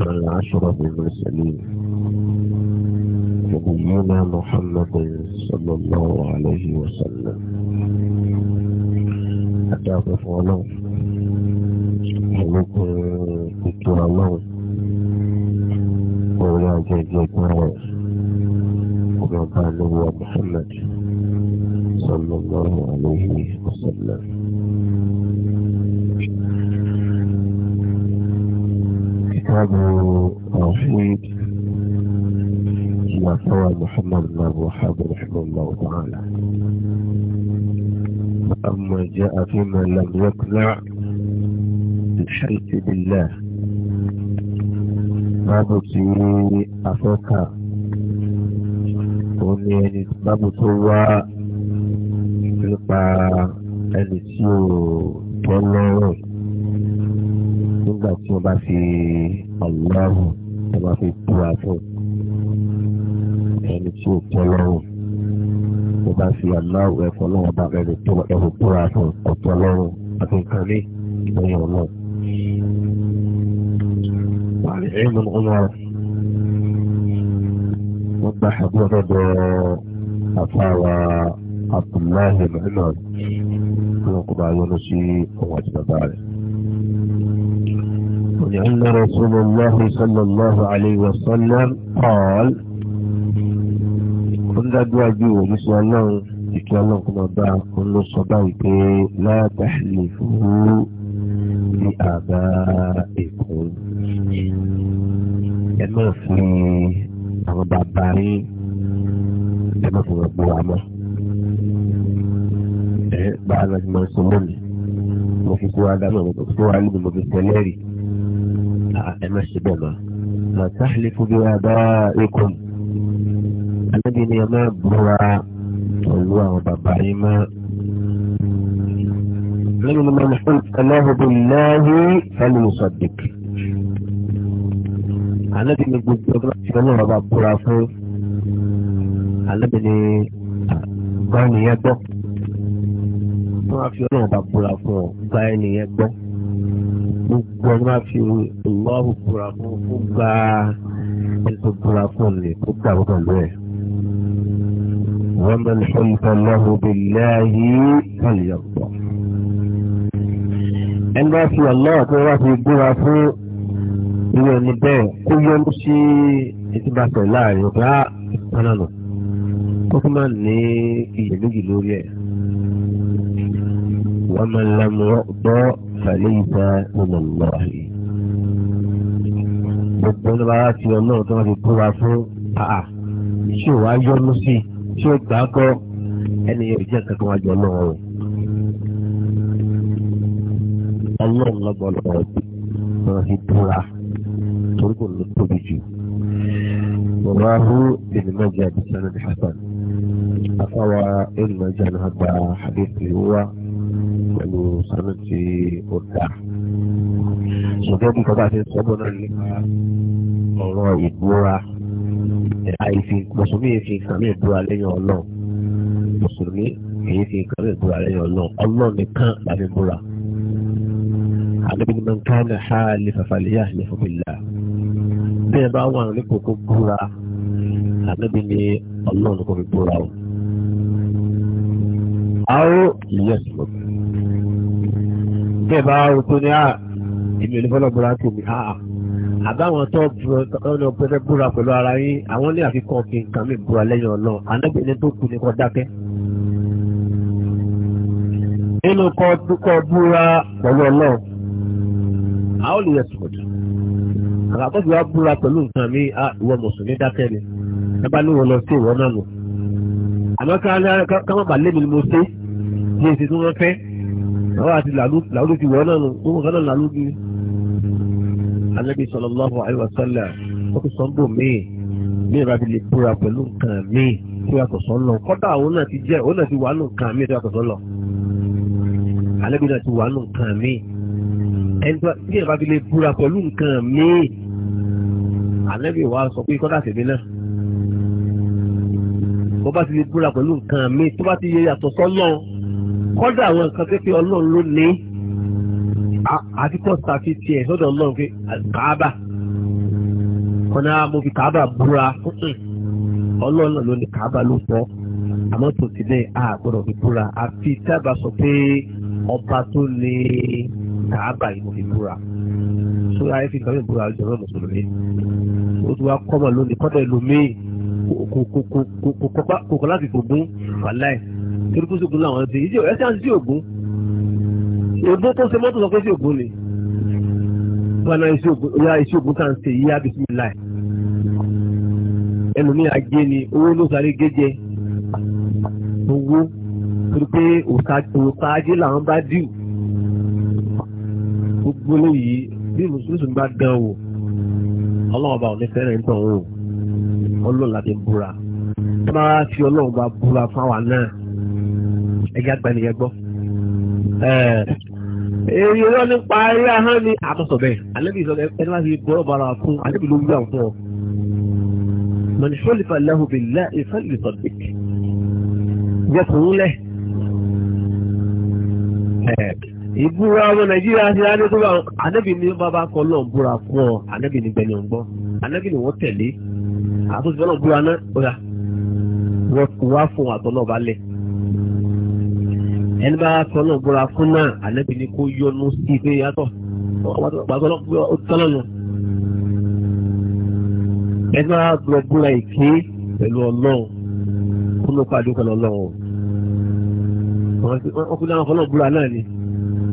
العشرة المرسلين نبينا محمد صلى الله عليه وسلم حتى ولو حلوك كتير الله ولا جيجيك مرس وما قال هو محمد صلى الله عليه وسلم كتاب توحيد وقوى محمد بن أبو وهاب رحمه الله تعالى أما جاء فيما لم يقنع الشرك بالله باب في أفوكا ونين باب توا nípa ẹni tí nígbà tí wọ́n bá fi Allahu tó bá fi búra fún ẹni tí ó tẹ́ lọ́rùn tó bá fi Allahu ẹ̀fọ́ náà bá ẹni tó ẹ̀fọ́ búra fún ọ̀tọ̀ lọ́rùn àti nǹkan ní ìlẹ́yìn ọ̀nà. وعن عين عمر وضح حضرة أفاوى عبد الله بن عمر ونقضى يونسي وواجب ذلك لأن رسول الله صلى الله عليه وسلم قال كنت أدوى جوا مثل الله يكي الله كما باع كل الصبايك لا تحلفه لآبائكم لما في أغبى باري لما في ربو عمر إيه، بعد ما سلمني وفي سوى دعمه وفي سوى علمه وفي سلمني ẹ̀mẹ́ síbẹ̀ mọ́ màtáhìlì fún bí wàá bá ikùn alábi ni ẹ máa búra pẹ̀lú àwọn bàbá yín mọ́. lẹ́yìn ló máa ń fún ẹlẹ́hùn bí láàyè fẹ́lú sọ̀dìkì. alábi ni gbogbo ọgbà ìfẹ́ náà bá búra fún alábi ni gbọ́ nìyẹn gbọ́. wọ́n á fi ọlọ́run bá búra fún ọ gbá ẹnìyẹn gbọ́ gbogbo ọdún máa fi ìwáwò búra fún fún gba ètò búra fún mi tó dàrú pẹ̀lú ẹ̀. wọ́n bẹ̀rẹ̀ sọ́yìn pẹ̀lú billahi fàlìyàpọ̀. ẹni bá fi ọ̀lá ọ̀tọ́ wá fi búra fún irú ẹni bẹ́ẹ̀ kó yọnu sí etí bá tẹ̀ láàrin ọ̀gá ìpánánà kó tó máa ní iyèméjì lórí ẹ̀. wọ́n máa ń bọ́ فليس من الله gbogbo ní bàbá ti ọ náà tó wọn ti kó wa fún àà ṣé wàá yọnu sí i ṣé gbàá kọ ẹni yóò jẹ kankan wájú ọlọ́run o ọlọ́run lọgbọlọ ọdún wọn fi búra torí kò ní tóbi jù bàbá hu ènìmọ̀jà bíi sanadi hasan afáwa ènìmọ̀jà náà gba àdéhùn wa pẹ̀lú sọ́nà tí ó dá. ṣùgbọ́n bí bàbá ṣe sọ́bọ̀ náà nípa ọ̀rọ̀ ìbúra àìfi mùsùlùmí fi kàmí ìbúra lẹ́yìn ọlọ́run mùsùlùmí èyí fi kàmí ìbúra lẹ́yìn ọlọ́run ọlọ́run nìkan làbí búra. àdébìnrin máa ń ká ní àhálẹ́ fàfàlẹ́yà ní fúnmilà. bí ẹ bá wà ní kókó búra àdébìnrin ọlọ́run kò fi búra o. أو يسلك bẹ́ẹ̀ bá o tó ní à èmi ò ní fọ́lọ́ búra tó mi àà àbáwọn tó ọ̀nà pẹ́pẹ́ búra pẹ̀lú ara yín àwọn ní àfikún ọ̀gbìn kan mi búra lẹ́yìn ọ̀nà ànágbẹ̀lẹ́ tó kù ní kọ́ dákẹ́. nínú kọ́ dúkọ́ búra pẹ̀lú ọ̀nà àwọn olùyẹ̀ sọ̀tù àkàkọ́sí wa búra pẹ̀lú nǹkan mi à ìwọ mùsùlùmí dákẹ́ ni ẹ bá níwọ̀n lọ sí ìwọ náà nù àmọ́ ká má bàa lé àwọn àti làlú ti wọ́n náà nù gbogbo kan náà làlú bí. Ànábì sallallahu alaihi wasallam ó ti sọ ń bò míì míì bá ti lè búra pẹ̀lú nǹkan míì tí wàá tọ̀sọ́ lọ kọ́dà òun náà ti jẹ́ òun náà ti wà nù nǹkan míì tí wàá tọ̀sọ́ lọ. Ànábì náà ti wà nù nǹkan míì ẹni tí wàá ti lè búra pẹ̀lú nǹkan míì Ànábì wa sọ pé kọ́dà tèmi náà bó bá ti lè búra pẹ̀lú nǹkan míì tó bá ti yẹ yàtọ̀ sọ́lọ́ọ̀ kọ́dà àwọn nǹkan tó pé ọlọ́run ló ní àtikọ́ sàfi tiẹ̀ sọ́dọ̀ ọlọ́run pé kàábà kọ́nà mo fi kàábà búra ọlọ́run ló ní kàábà ló pọ̀ àmọ́ tó ti bẹ́ẹ̀ a gbọ́dọ̀ fi búra àfi tábà sọ pé ọba tó ní kàábà yìí mo fi búra sórí ayé fi kàwé búra jọ̀rọ̀ mùsùlùmí ó ti wá kọ́mọ̀ lónìí kọ́dọ̀ ẹlòmíì kò kò kò kò kò kò láti fògún wàláì erékùsùkùn làwọn ti ìjọ ẹsẹ̀ àti sí ògún ògún tó ṣe mọ́tò sọ pé sí ògún ni bọ́nà iṣẹ́ ògún tá à ń ṣe yíyá bisimilayi ẹlòmíì ajé ni owó ló sáré géjẹ owó torí pé òòtà ajé làwọn bá dìú gbogbo lóyìí bí mùsùlùmí bá dán wò ọlọ́run bá ò ní fẹ́rẹ̀ ń tàn wò ọlọ́run láti búra tí wọ́n bá fi ọlọ́run bá búra fáwa náà ẹ̀yà gbanìyàn gbọ́. èrè lọ nípa eré ahọ́n ni àtọ̀sọ̀ bẹ́ẹ̀ alẹ́bí sọ ẹni wá sí gbọ́rọ̀ bára fún alẹ́bí ló wúyà fún ọ. mọ̀nì sọ́ọ̀lì fàlẹ́hù bìlá ìfẹ́lì sọ̀dẹ̀kì yọkùnrin lẹ̀. ìbúra ọmọ nàìjíríà ti rá ní kúrò ànábì ní bàbá kan náà búra fún ọ ànábì ní gbẹ̀yìn ọ̀gbọ́n ànábì ní wọ́n tẹ̀lé àtúntò náà búra náà ó yà wọ́n wá fún àtọ́ náà bá lẹ̀ ẹni bá sọ náà búra fún náà ànábì ni kó yọnu sí pé yàtọ̀ gbàgbọ́dọ̀ ó tán lọ́nu. ẹni bá lọ búra èké pẹ̀lú ọlọ́run kó ló pàdé pẹ̀lú ọlọ́run wọ́n fi dáhùn fọlọ́n búra náà ni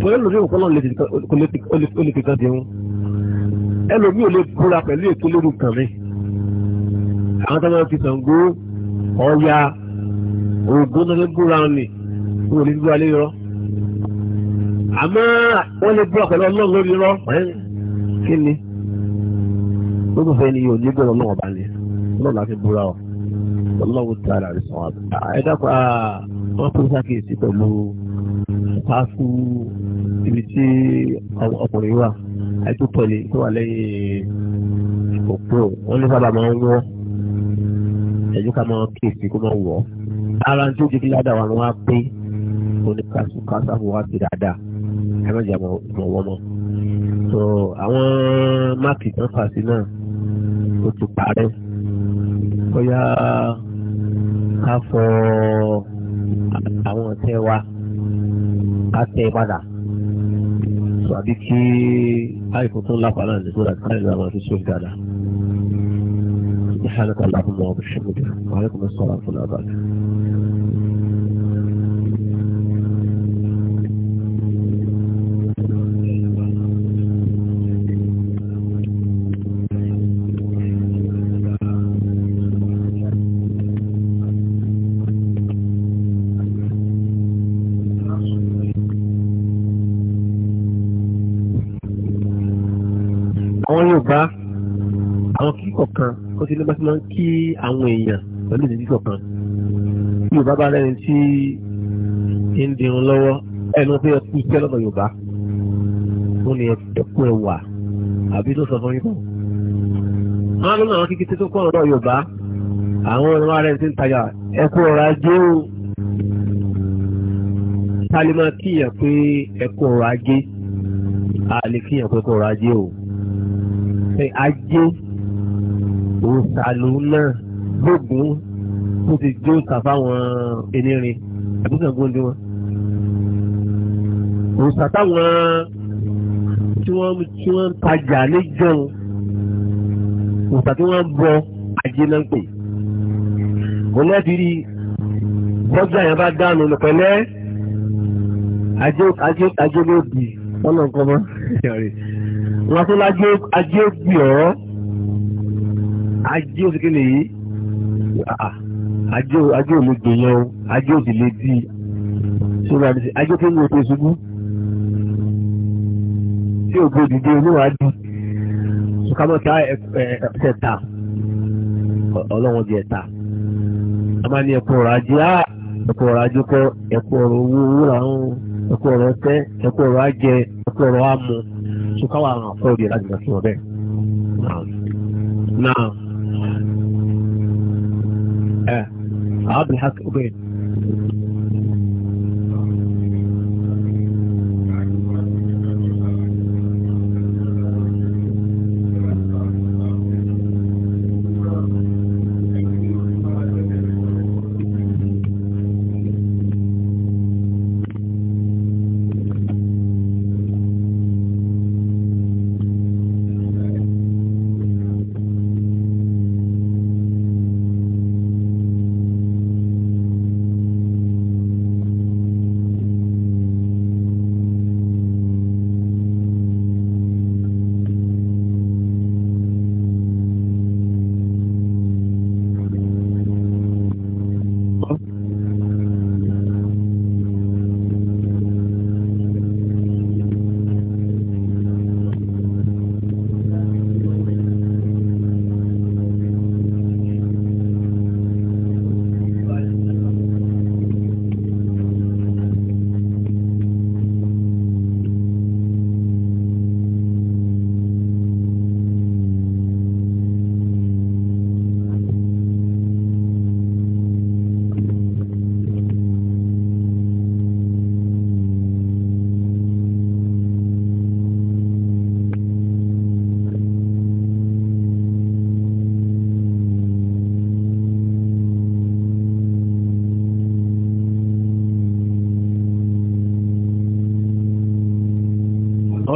wọ́n lè lórí òkúlọ́ lè fi kan dìrún ẹlòmíì ò lè búra pẹ̀lú èké lórí nǹkan mi àwọn tó máa fi Ṣàngó Ọya Ògún náà lè búra ni wọn ò ní gbọ́ alẹ́ irọ́ àmọ́ wọ́n lè búra pẹ̀lú ọlọ́run lórí irọ́ kí ni gbogbo fẹ́ ni yóò ní bọ̀rọ̀ náà ọba ni ọlọ́run láti búra ọ ọlọ́run tí ara rẹ̀ sọ̀rọ̀ ẹ dákọ̀ wọ́n tó ṣàkíyèsí pẹ̀lú pàṣẹ ibi tí ọkùnrin wà àìtó tọ̀lé tó wà lẹ́yìn òpó wọn ní sábà máa ń wọ́ ẹ̀jú ká máa kíyèsí kó máa wọ̀ ara tí ó di kí ládàá wà ló wá pé oníkàṣàfù wá sí dáadáa ẹ má jẹ́ àmọ̀ wọ́n mọ́. so àwọn máàkì kan fà sí náà ó ti parẹ́ bóyá ká fọ àwọn ọ̀tẹ̀ wa ká tẹ padà so àbí kí àìkú tó lápá náà lè gbọ́dọ̀ káyọ̀ lọ́wọ́ àti ṣe dáadáa. سبحانك اللهم وبحمدك وعليكم السلام ورحمة الله وبركاته yorùbá àwọn kíkọ̀ kan ó ti lọ́gbà tí wọ́n kí àwọn èèyàn pẹ̀lú ìdí kíkọ̀ kan yorùbá bá lẹ́ni tí ń dirun lọ́wọ́ ẹnu pé ẹkú iṣẹ́ lọ́dọ̀ yorùbá wọ́n ní ẹkú ẹwà àbí tó sọ fún yín kọ́. wọ́n á lọ́nà àwọn kíkí tó kọ́ ọ̀dọ̀ yorùbá àwọn ọmọ rẹ̀ ti ń tajà ẹkú ọ̀rọ̀ ajé o tálímà kíyàn pé ẹkú ọ̀rọ̀ ajé àlè kíyàn pé ẹkú ọ̀rọ̀ ajé o ọ̀sẹ̀ ajé òsàlù náà gbógun tó ti jó sàfáwọn enirin àbúkàn gbóndé wọn. òsà táwọn tí wọ́n tí wọ́n ń tajà níjọ́un òsà tí wọ́n ń bọ ajé náà ń pè. mo lẹ́ẹ̀dì rí bọ́jà yẹn bá dànù pẹ̀lẹ́ ajé ajé ajé ló di ọlọ́nkọ́ mọ́. wọ́n tó lájé ajé ògbì ọ́ ajé òsìkè nìyí ah, ah. ajé ajé òní gbèyàn o ajé òsì lè di sórí àdìsí ajé tó ń wo tó ṣubú tí ògbó òdìdí oníwà di sùkámọ́ta ẹ̀ẹ́dẹ́ta ọlọ́wọ́n di ẹ̀ta a máa ní ẹ̀kọ́ ọ̀rọ̀ ajé á ah! ẹ̀kọ́ ọ̀rọ̀ ajé kọ́ ẹ̀kọ́ ọ̀rọ̀ owó owó làwọn ẹ̀kọ́ ọ̀rọ̀ ọtẹ́ ẹ̀kọ́ ọ̀rọ̀ ajẹ ẹ̀kọ́ ọ̀rọ̀ amú so káwọn àwọn àfẹ́ òde láti gbàtí wọn bẹ́ẹ̀. náà ẹ abdulhaq obìnrin.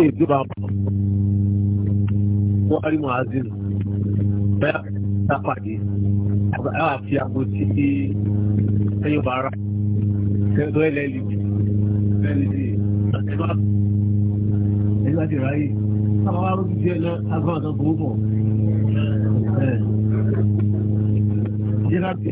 zai zuba ko ari mu'azin baya ta faɗi a fi abuci sai bara sai zo ilẹ̀ lìbì lẹ́lìbì ẹgbà ẹgbà ti ráyè àwọn arúgbó jẹ́ náà agbọ́n àtàkùn púpọ̀ ẹ̀ jẹ́ láti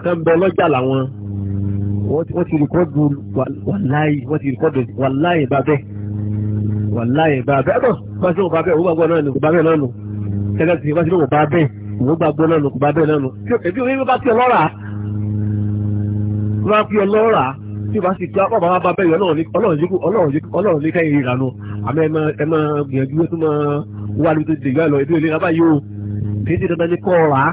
àwọn kan bẹ lọ́jà làwọn wọ́n ti rìkọ́dù wàláì wọ́n ti rìkọ́dù wàláì bàbẹ́ wàláì bàbẹ́ ẹ̀bọ̀ bá sí òun bàbẹ́ òun gbàgbọ́ náà nù bàbẹ́ náà tẹ́lẹ̀ tí bá sí òun bàbẹ́ òun gbàgbọ́ náà bàbẹ́ náà nù èbí orí bá ti bá tí o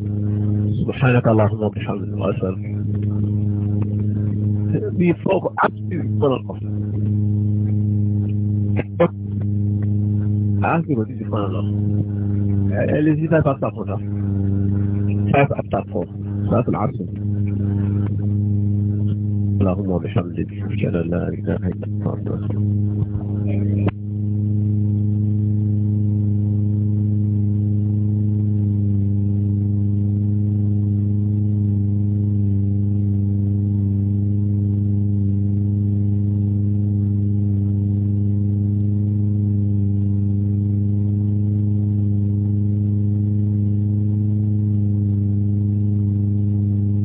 سبحانك اللهم وبحمدك وأسأل فوق عبد من القصر عاقب دي سبحان الله الذي لا تعتقد ثلاث أبطال اللهم وبحمدك أشهد لا إله إلا